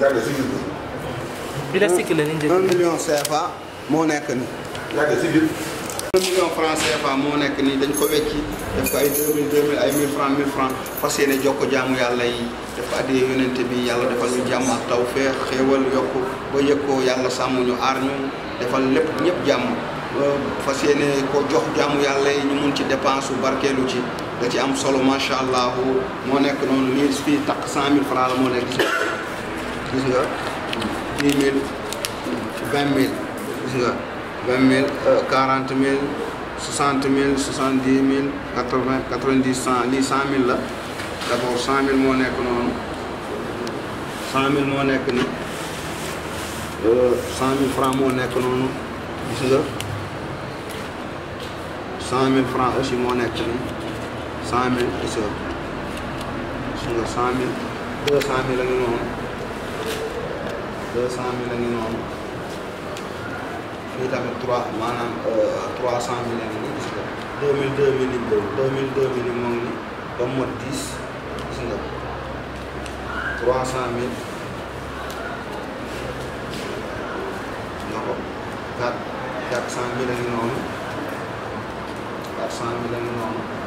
yàgg si biir la ñu jël. 1 million CFA moo nekk nii. yàgg si biir. moo nekk nii dañ ko wecci def ko ay 2000 2000 ay 1000 francs 1000 francs fas yéene jokk jaamu yàlla yi def addee yonent bi yàlla defal ñu jàmm ak taw feex xéewal yokk ba yëg yàlla sàmm ñu aar ñu defal lépp ñëpp jàmm fas yéene ko jox jaamu yàlla yi ñu mun ci dépense su barkeelu ci da ci am solo macha allah moo nekk noonu lii fii takk 100000 francs la moo nekk ci. gis nga dix mille vingt mille gis nga vingt mille euh, quarante mille soixante mille soixante dix mille quatre vingt quatre vingt dix cent lii cent mille la d' abord cent mille moo nekk noonu cent mille moo nekk ni euh, cent mille franc moo nekk noonu gis nga cent mille franc aussi moo nekk ni cent mille gis nga gis nga deux cent mille la noonu deux cent mille a ngi noonu fii tamit trois maanaam euh, trois cent mille a ngi nii gis nga deux mille deux mille yi boobu deux mille deux mille yi moo mu mot dix gis nga trois cent mille nga ko quatre quatre cent mille a ngi noonu quatre cent mille a ngi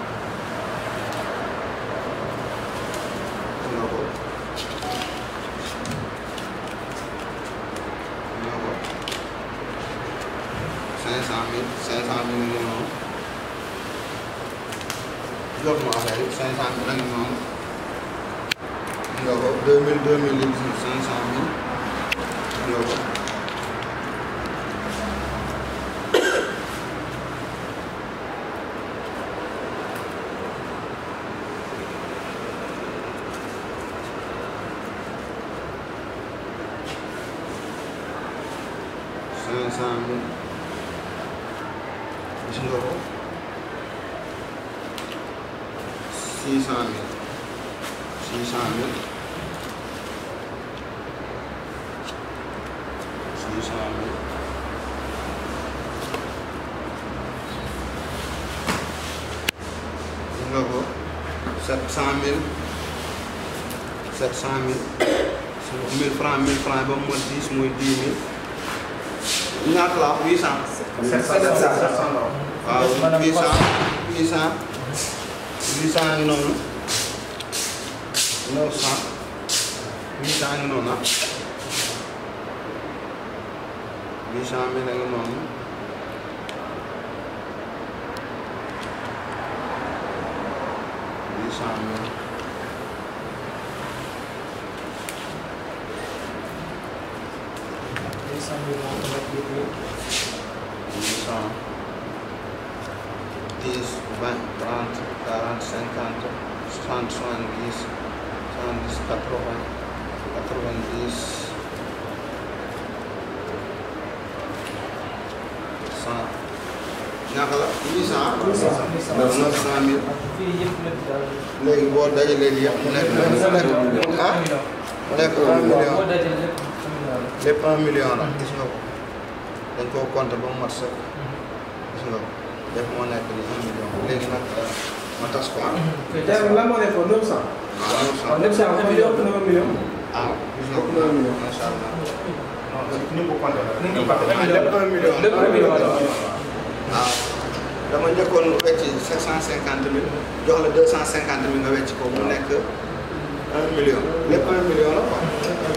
loolu moo affaire yi 500 bi nag noonu nga ko 2000 2000 litres yi 500 mille nga ko. cinq cent mille gis nga ko six cent mille six cent mille six cent mille gis nga ko sept cent mille sept cent mille su ko mille franc mille franc ba mu mot dix muy dix mille ñaata la huit cent sept cent waaw huit cent huit cent huit cent ngi noonu neuf cent huit cent ngi noonu huit cent mille ngi noonu jarul lan moo nekkoon 900. waaw 900 waaw 900 kon la. ni mu ko compté nga wecc ko mu nekk 1 million. la quoi. léegi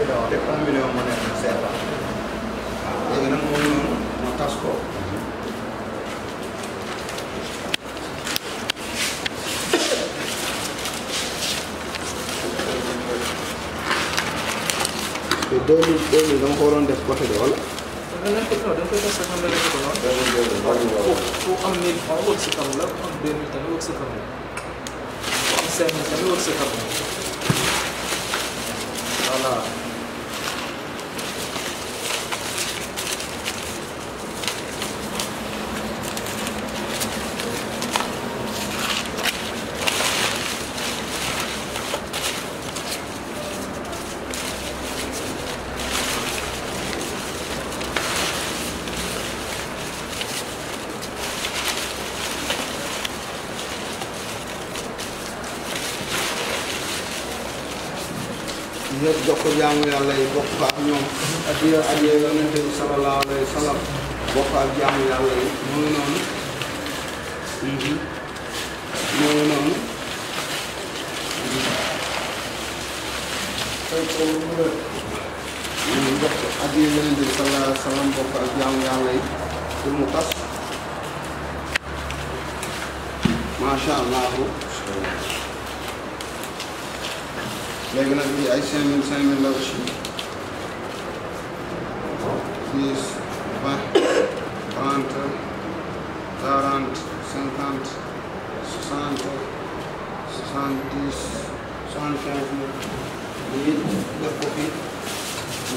nag moo ñëw ko. deux mille deux mille dama ko waroon def côté bi wala. da nga koy non da nga koy tax xam nga da nga ko noonu. ku am mille franc wër sa kaw la ku am deux mille tamit wër sa kaw la ku am cinq mille tamit wër sa kaw la voilà. jox ko jaamu yàlla yi bokk ko ak ñoom addiya addiya yonente bi sallallahu bokk ak jaamu yàlla yi mu ngi noonu mm-hmm. mu ngi noonu bokk mm-hmm. addiya yonente bi sallallahu alayhi wa sallam bokk ak jaamu yàlla yi pour mu tas macha allah léegi nag lii ay 5000 5000 la aussi dix vingt trente quarante cinquante soixante soixante dix soixante quinze mille lii def ko fii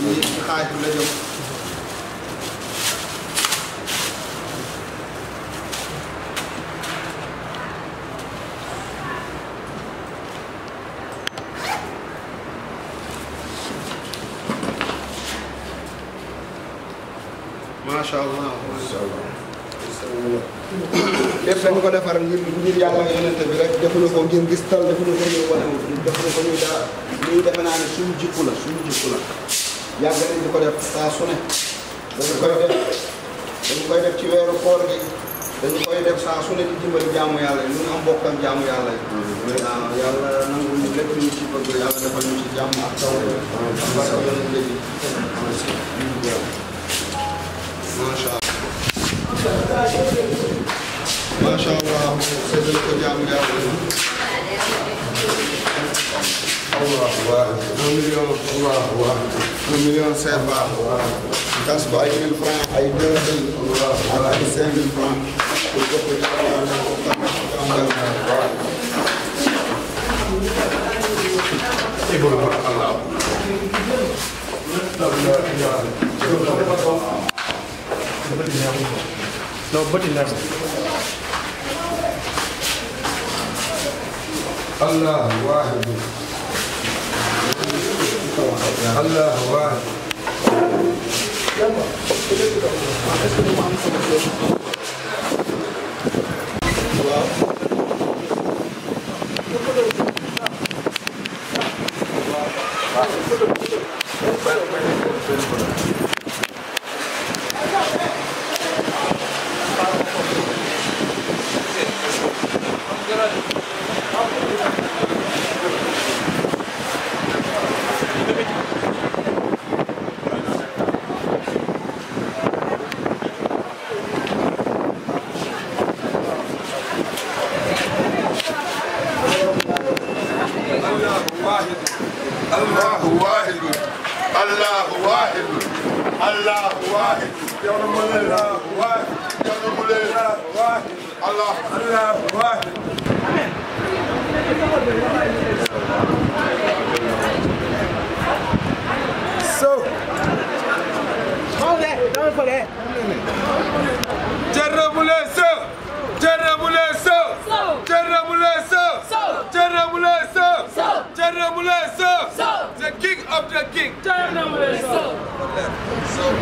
lii ci xaaj bi la jëm. macha allah. macha allah. lépp dañ ko defar ngir ngir yàlla yonente bi rek defuñu ko ngir gis tal defuñu ko ngir wane ko ñuy daa defe naa ne suñu jikku la suñu jikku la yàgg nañ di ko def saa su ne dañu koy def dañu koy def ci weeru koor gi dañu koy def saa su ne di dimbali jaamu yàlla yi lu ñu am bokkam jaamu yàlla yi. waaw yàlla nangu ñu lépp ñu ci bëgg yàlla defal ñu ci jàmm ak taw. am na solo am na solo macha allah seddal ko jaamu jaamu allahu waaw un million allahu waaw un million cinq baax tas ba ay mille francs ay deux mille ak ay cinq mille francs pour jox ko jaamu jaamu bëti neexul non bëti neexul allah waahid allah waahid est-ce que الله واحد يا رب الله واحد يا رب الله واحد الله الله واحد So, hold that, don't forget. Terrible, sir. Thierno Moule Sow. Sow the king of the king. Thierno Moule Sow.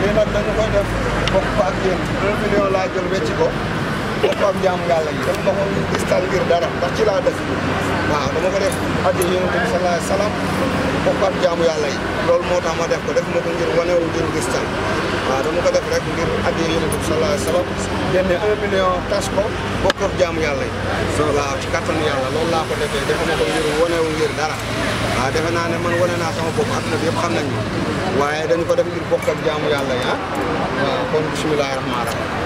lii nag dañu koy def bokk ko ak yéen 1 million laa jël wecc ko. waxtaan jaamu yàlla yi dama doxoon istal ngir dara ndax ci laa def waaw dama ko def addi yonent bi sallallahu alayhi wasallam waxtaan jaamu yàlla loolu moo tax ma def ko def ma ko ngir wanewu ngir gistal waaw ko def rek ngir addi yonent bi sallallahu alayhi wasallam génne un million tas ko bokk ak jaamu yàlla yi waaw ci kattanu yàlla loolu laa ko defee defe ma ko ngir wanewu ngir dara waaw defe naa ne man wane naa sama bopp àdduna bi yëpp xam nañ ma waaye dañu ko def ngir bokk ak jaamu yàlla yi ah waaw kon bismillahi rahmaani rahim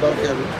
barkeel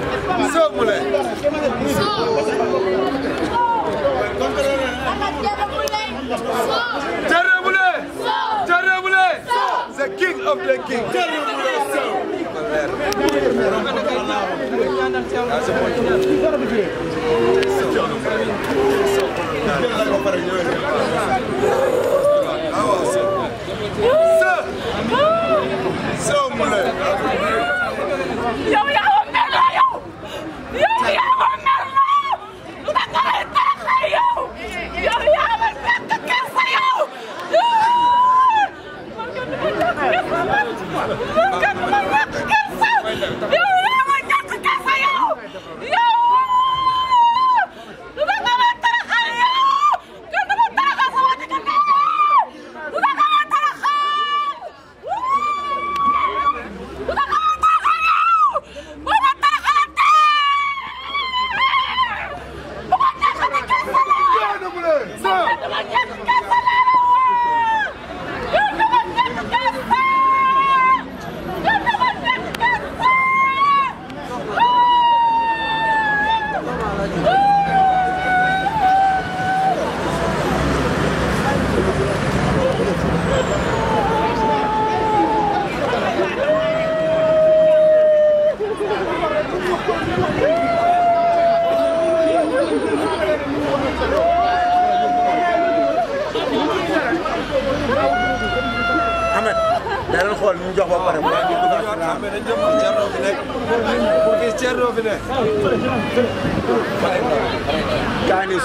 Sövmüle. Terrible. Terrible. The king of the king. Terrible. Sövmüle. Sövmüle. Hey,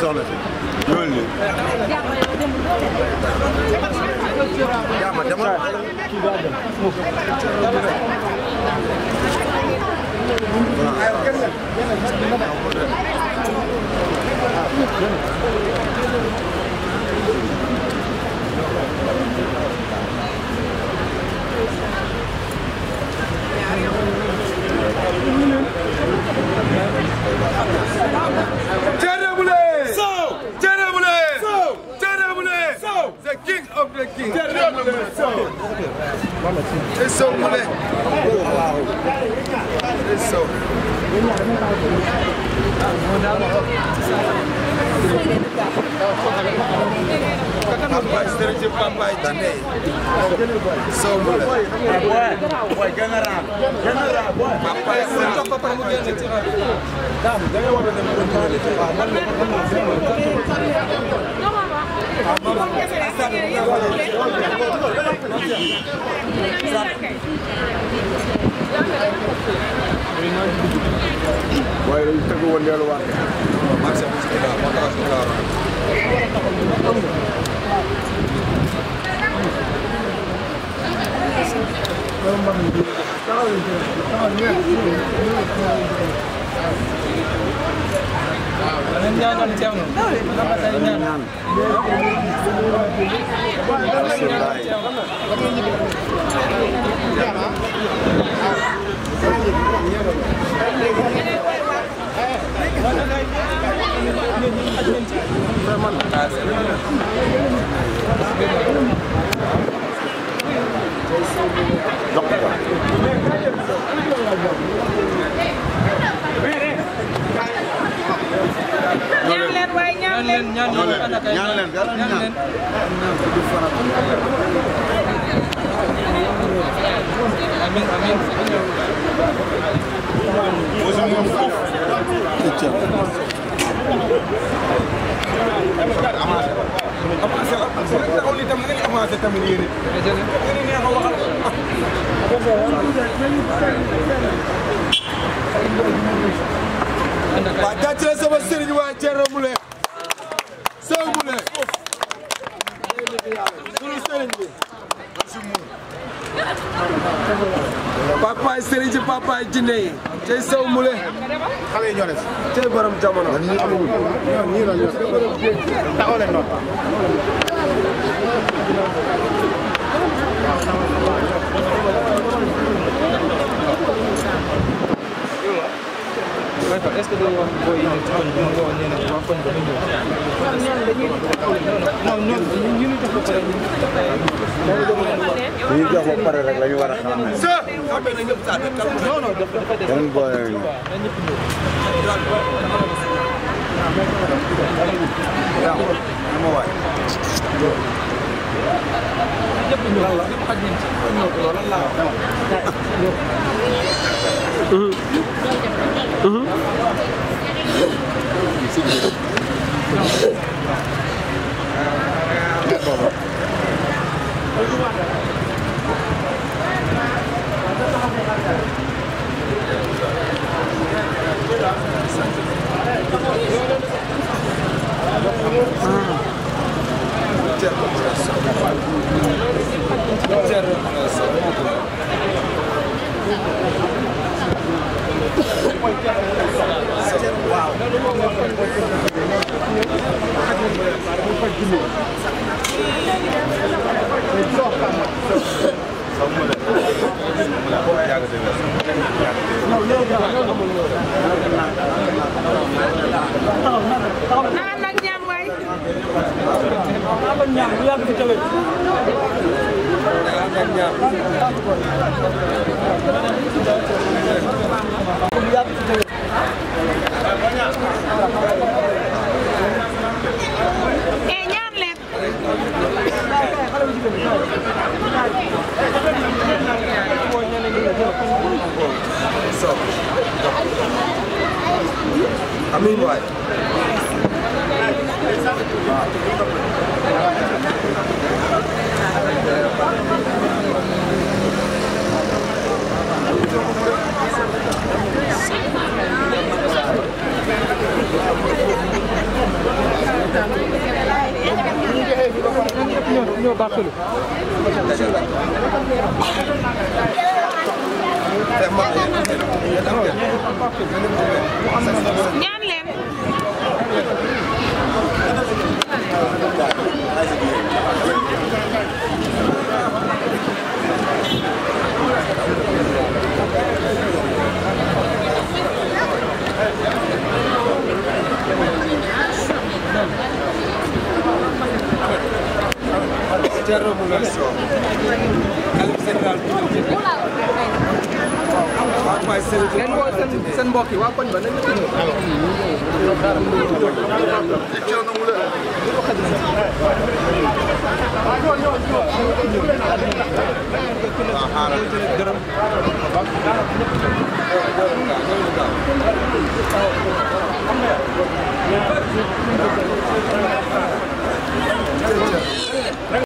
soxna si loolu li jaama dama Doktor. ñaan leen ñaan leen ñaan leen ñaan leen amiin amiin waaw gàcce sama sëriñ waa Thierno Moule ngi ci papaay jinne yi tey sew mu le xale yi ñoo des tey borom jamono taxaw leen noonu Thank est-ce que dañoo wax booy yi ci koñ bi ñu woon nee na waa koñ bi ñu ñëw. ñoom ñoom ñu ñu jox ba pare ñu. ñu jox ba pare rek la ñu war a xam ne. non non dafa dafa des. dañu boole ñu. lan la. Mm-hmm. Mm-hmm. sincère remoulation xalifa général bi waaw waaye seen seen mbokk yi waa koñ ba nañu tudd Thank you.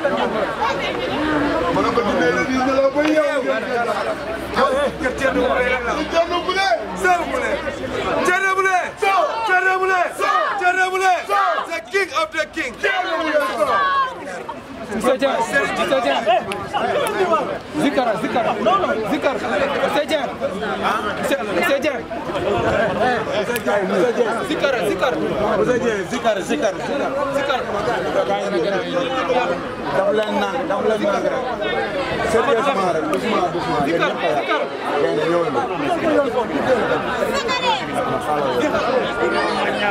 ma ne ko dundee la nii la ba yeewu. kër Thierno Moule rek la. Thierno Moule. Seydou Moule. Thierno Moule. Sow Thierno Moule. Sow Thierno Moule. Sow the king of the king. Thierno Moule Sow. Soutien soutien zikara zikara zikara soutien soutien zikara zikara zikara zikara zikara daf leen naan daf leen naan rek sérieusement rek doucement doucement yéen ñëpp a yàq yéen ñëw na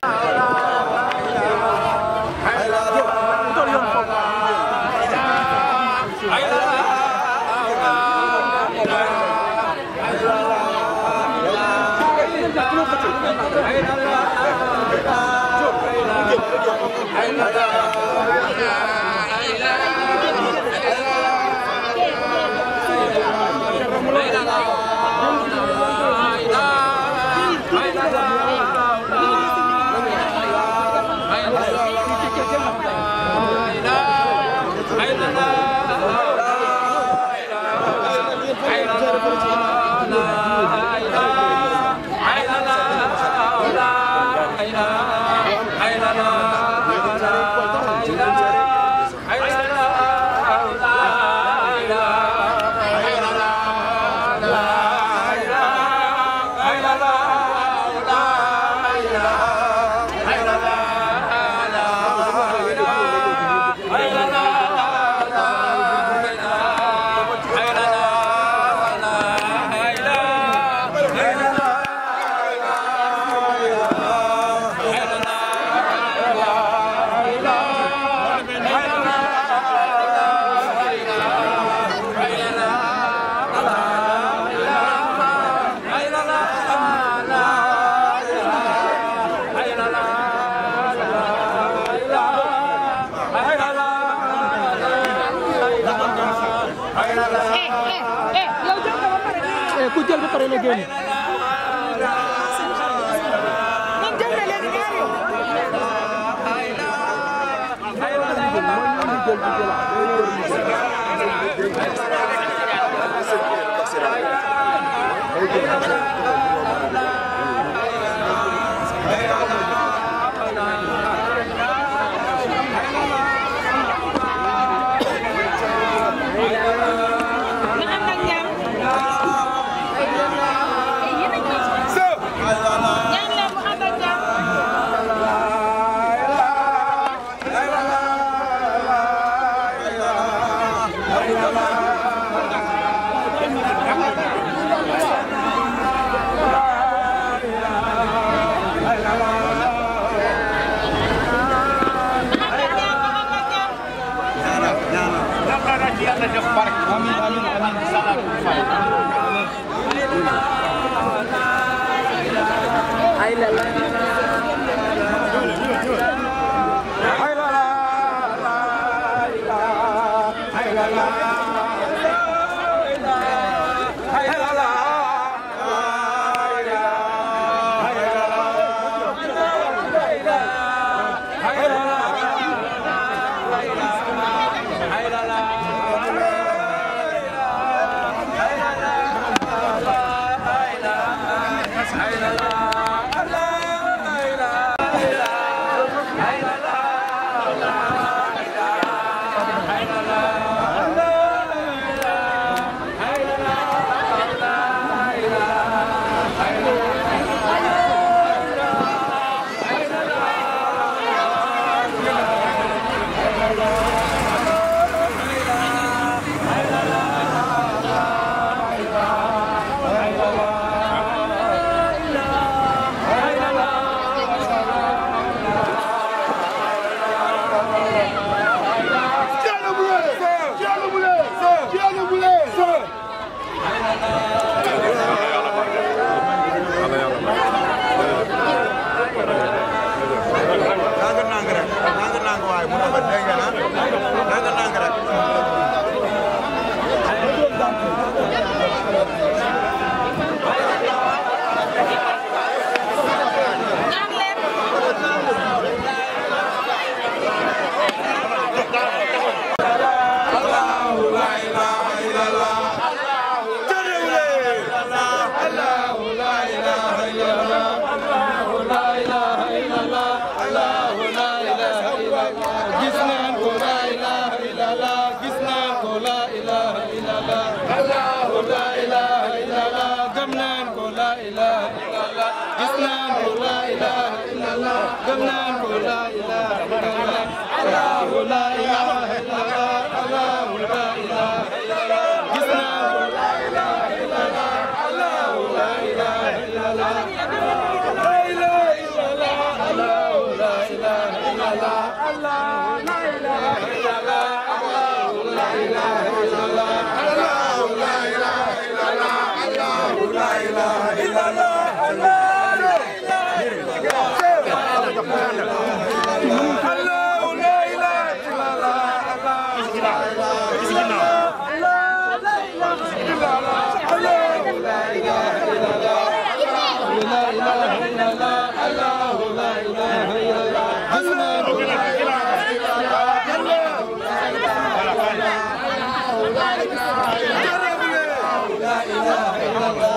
Get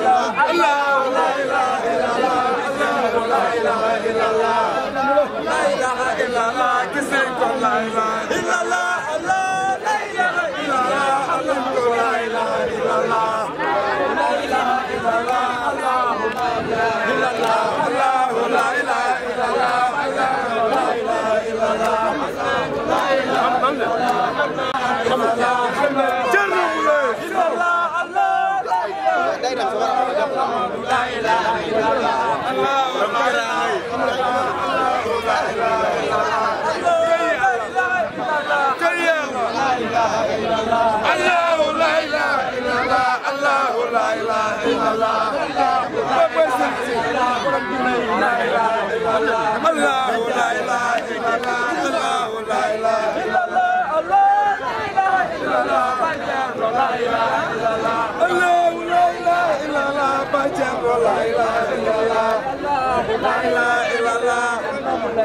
Allah Allah Bamba i la ilaha illallah la ilaha illallah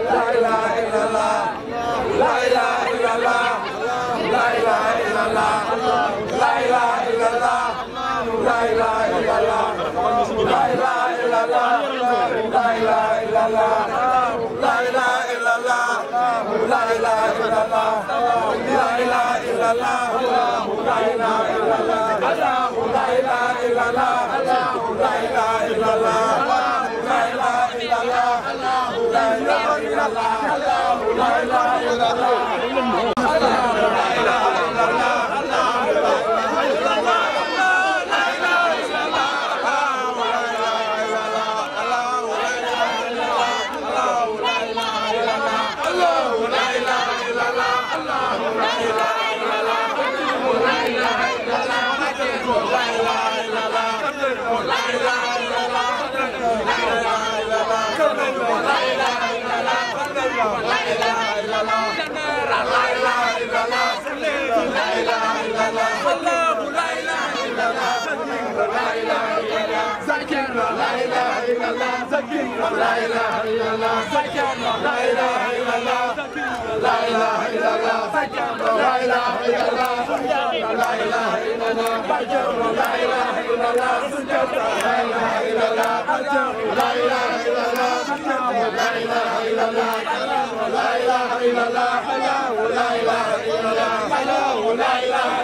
la ilaha illallah la ilaha illallah la ilaha illallah la الله لا اله الا الله la la la la لا اله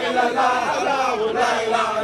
الا الله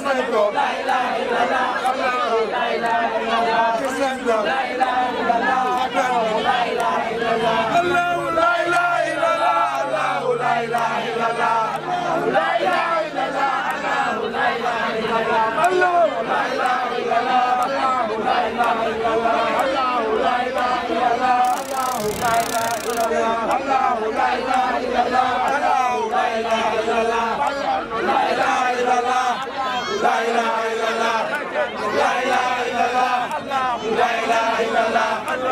xam nañu ko.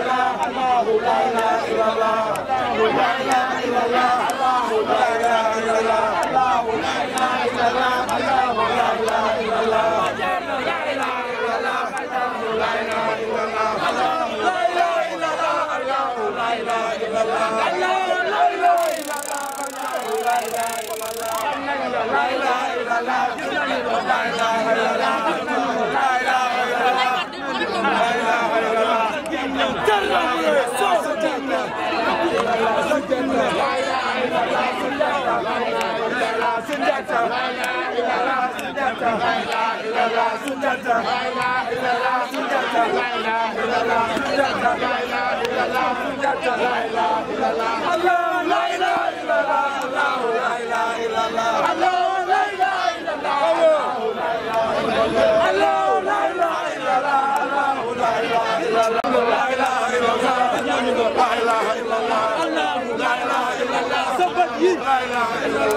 la la la la Allah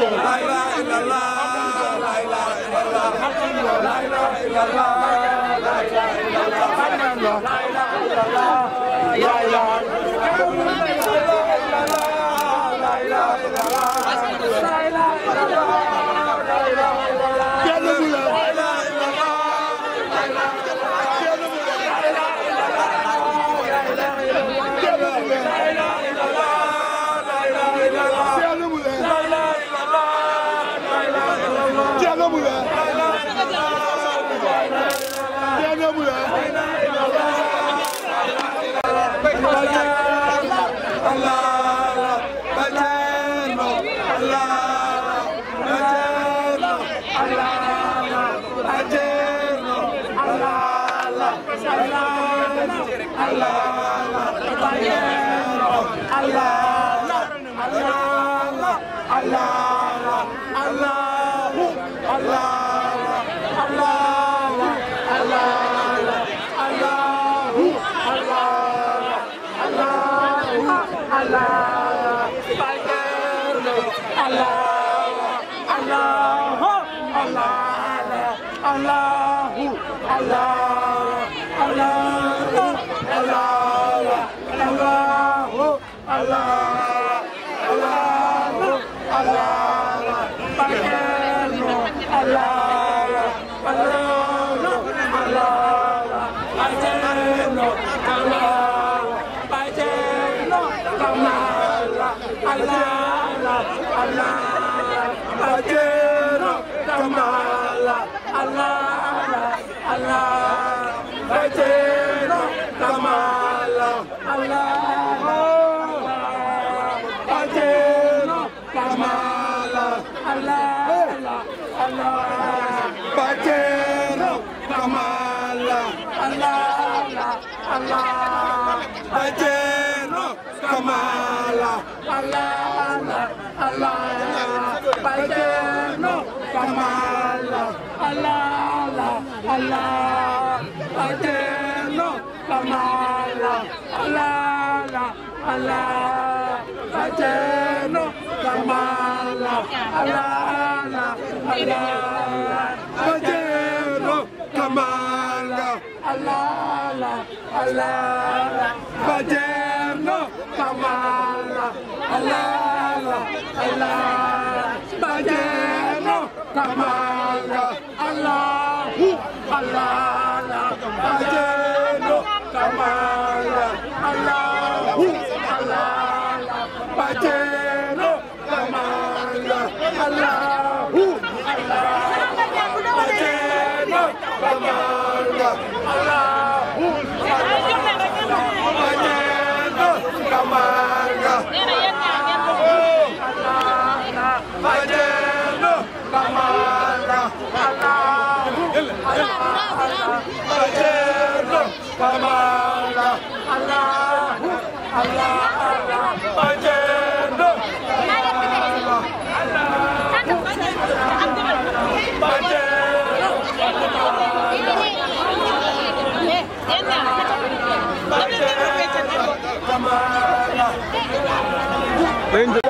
لا اله الا الله Allah Allah Bajeno Kamala Allah Allah Bajeno Kamala Allah Allah Bajeno Kamala Allah Allah Bajeno Kamala Allah Allah Bajeno Kamala Allah Kamala, Allah, Allah, Allah, Bajendo, Allah, Allah, Bajendo, Bajendo, Kamala, Bajendo.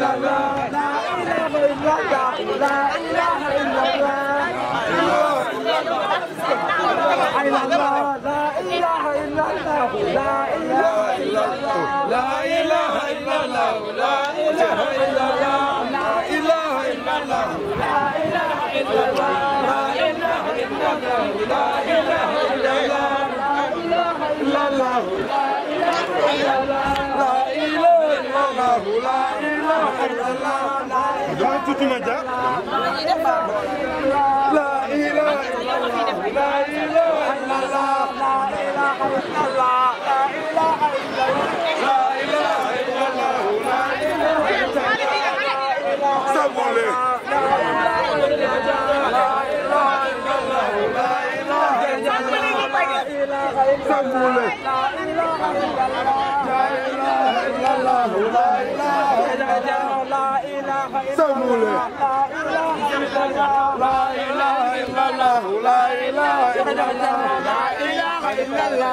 لا إله إلا الله dama tuuti ma jaar la ilaha illallah la ilaha illallah la ilaha illallah la ilaha illallah ça volait ça volait لا إله إلا الله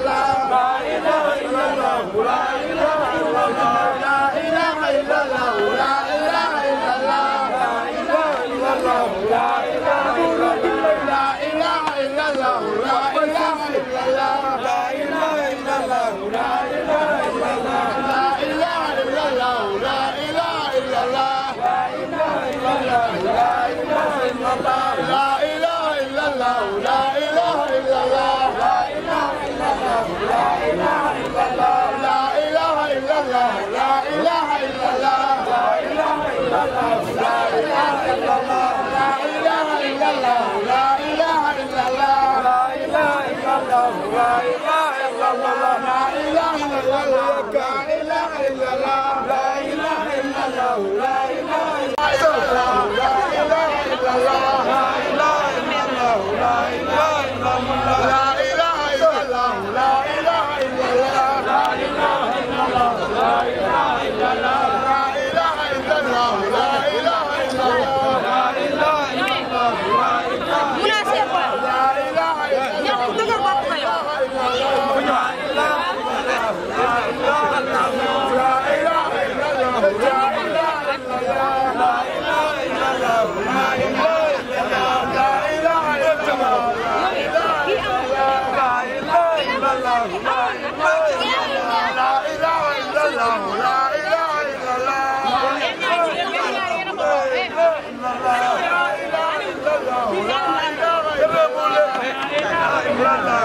illallah la ilaha illallah la ilaha illallah لا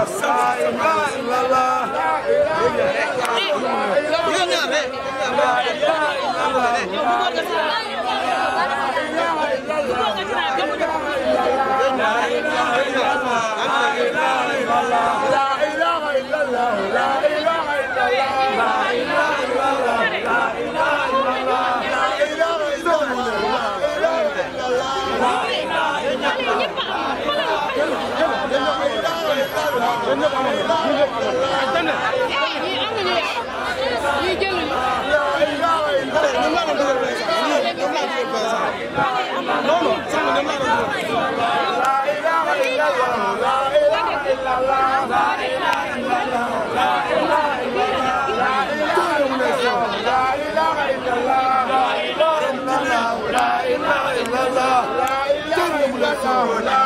لا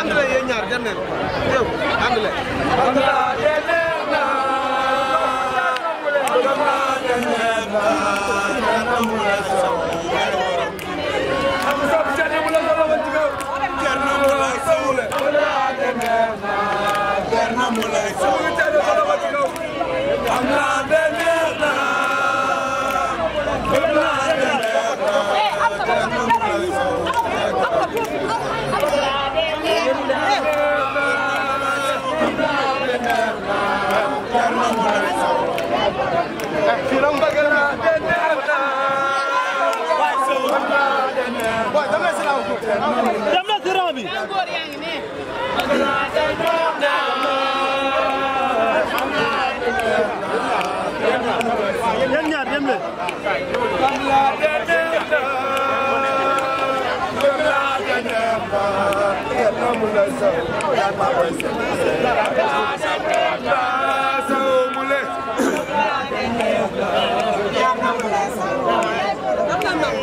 anglais yéen ñaar dem leen yow anglais I'm not the dem na si rang bi. yéen ñaar dem leen. Yeah.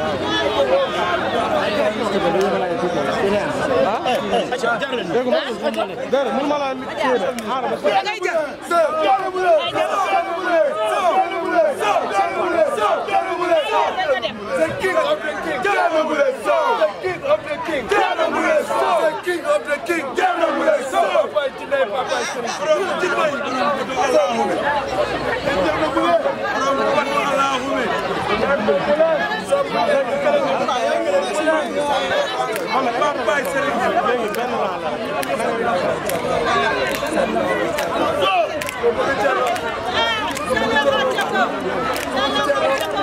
ah. king of the king, down on with a song. The king of the king, down on with a song. The king of the king, down on with a song. Papa Jinai, Papa Jinai. Papa Jinai. Papa Jinai.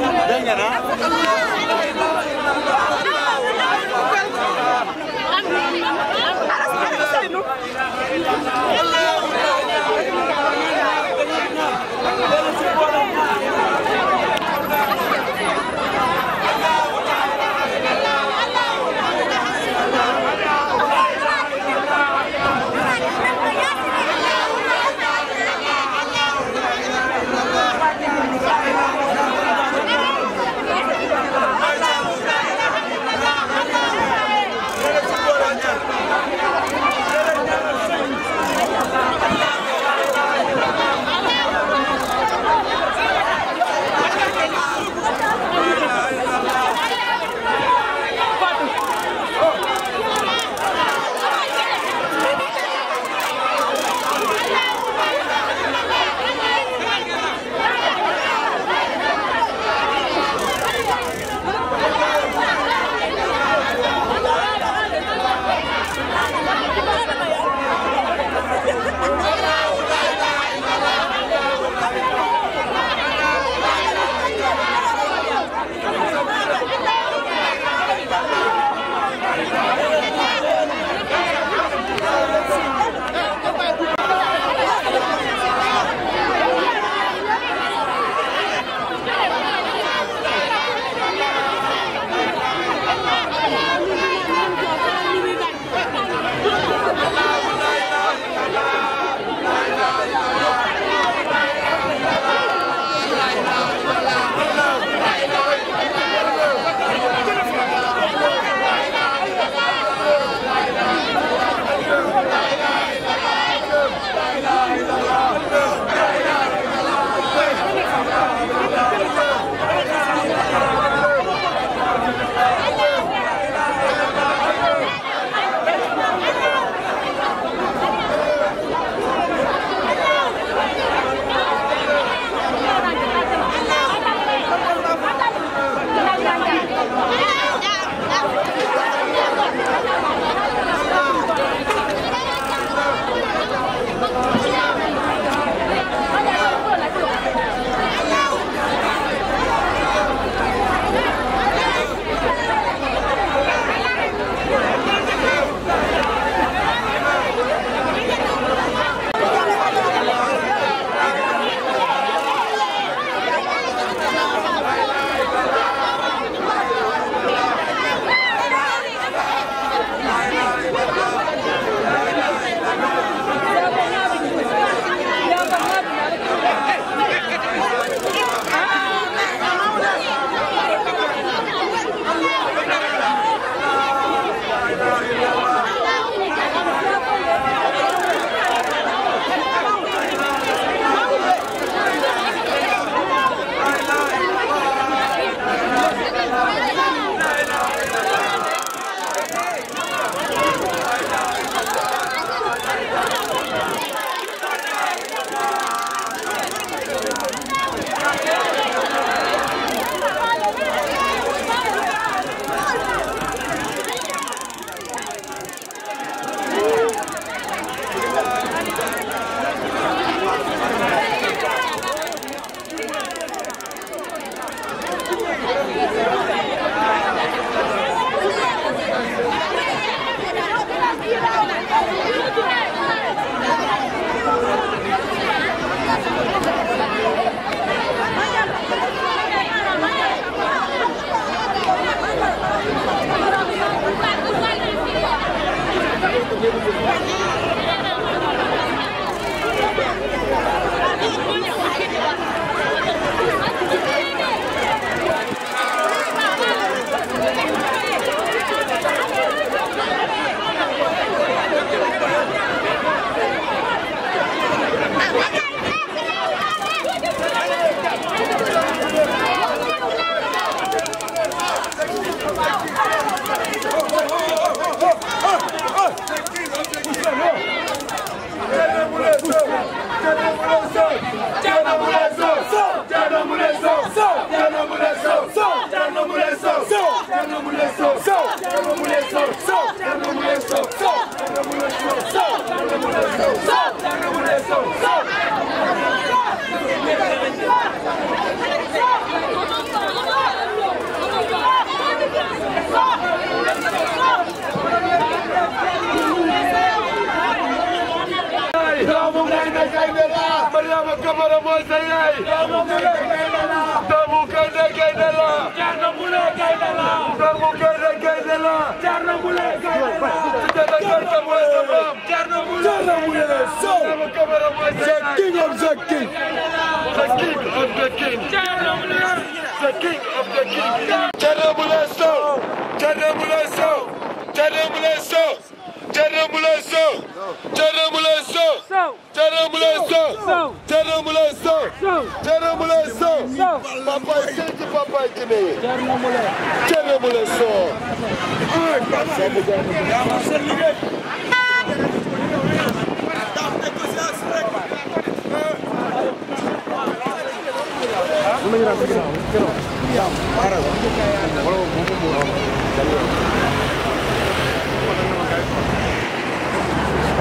dégg Jaara mooy sa yaay. doomu Gaynde Gaynde la. doomu Gaynde Gaynde la. Jaara Mule Gaynde la. doomu Gaynde Gaynde la. Jaara Mule Gaynde la. Sujata Keita mooy sa maam. Jaara Mule Jaara Mule la Sow. doomu Kamara mooy sa yaay. the king of the king. the king of the king. Jaara Mule. the king of the king. Jaara Mule Sow. Jaara Mule Sow. Jaara Mule Sow. Thierno Moule Sow. Thierno Moule Sow. Thierno Moule Sow. Thierno Moule Sow. Thierno Moule Sow. papa yi sëñ ci papa yi jëmee. Thierno Moule Sow. Thank you.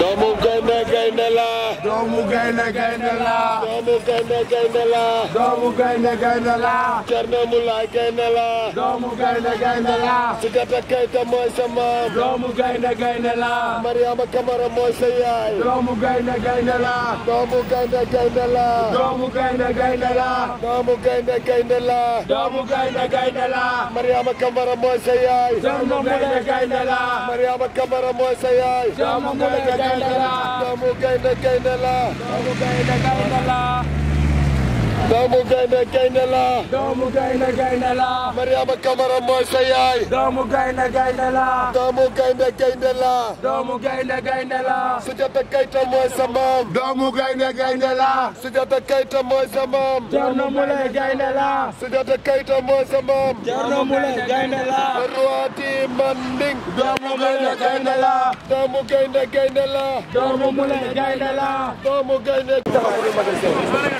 doomu gaynde gaynde la. doomu gaynde gaynde la. doomu gaynde gaynde mooy sa doomu gaynde gaynde la. Mariama Kamara mooy mooy sa sa yaay. jaamu gaynde gaynde la jaamu gaynde gaynde la. jaamu gaynde gaynde la. doomu gaynde gaynde la doomu gaynde gaynde la doomu gaynde gaynde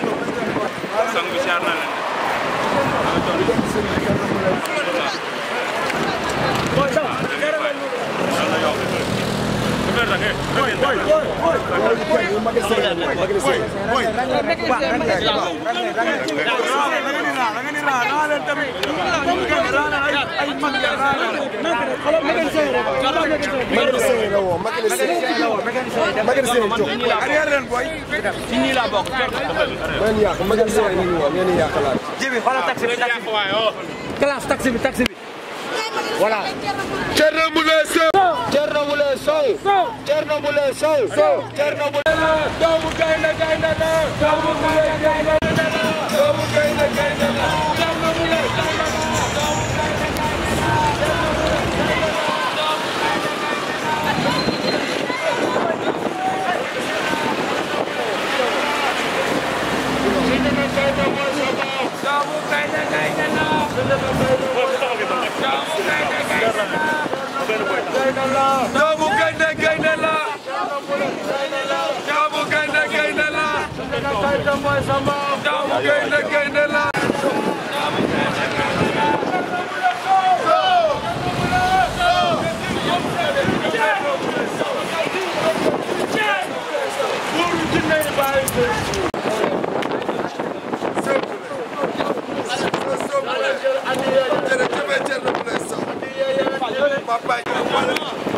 la sang bi siyaar na leen classe taxi bi taxi bi voilà. Thierno Moule la. doomu Doomu gaynde gaynde la doomu gaynde gaynde la doomu gaynde gaynde la Pape Baye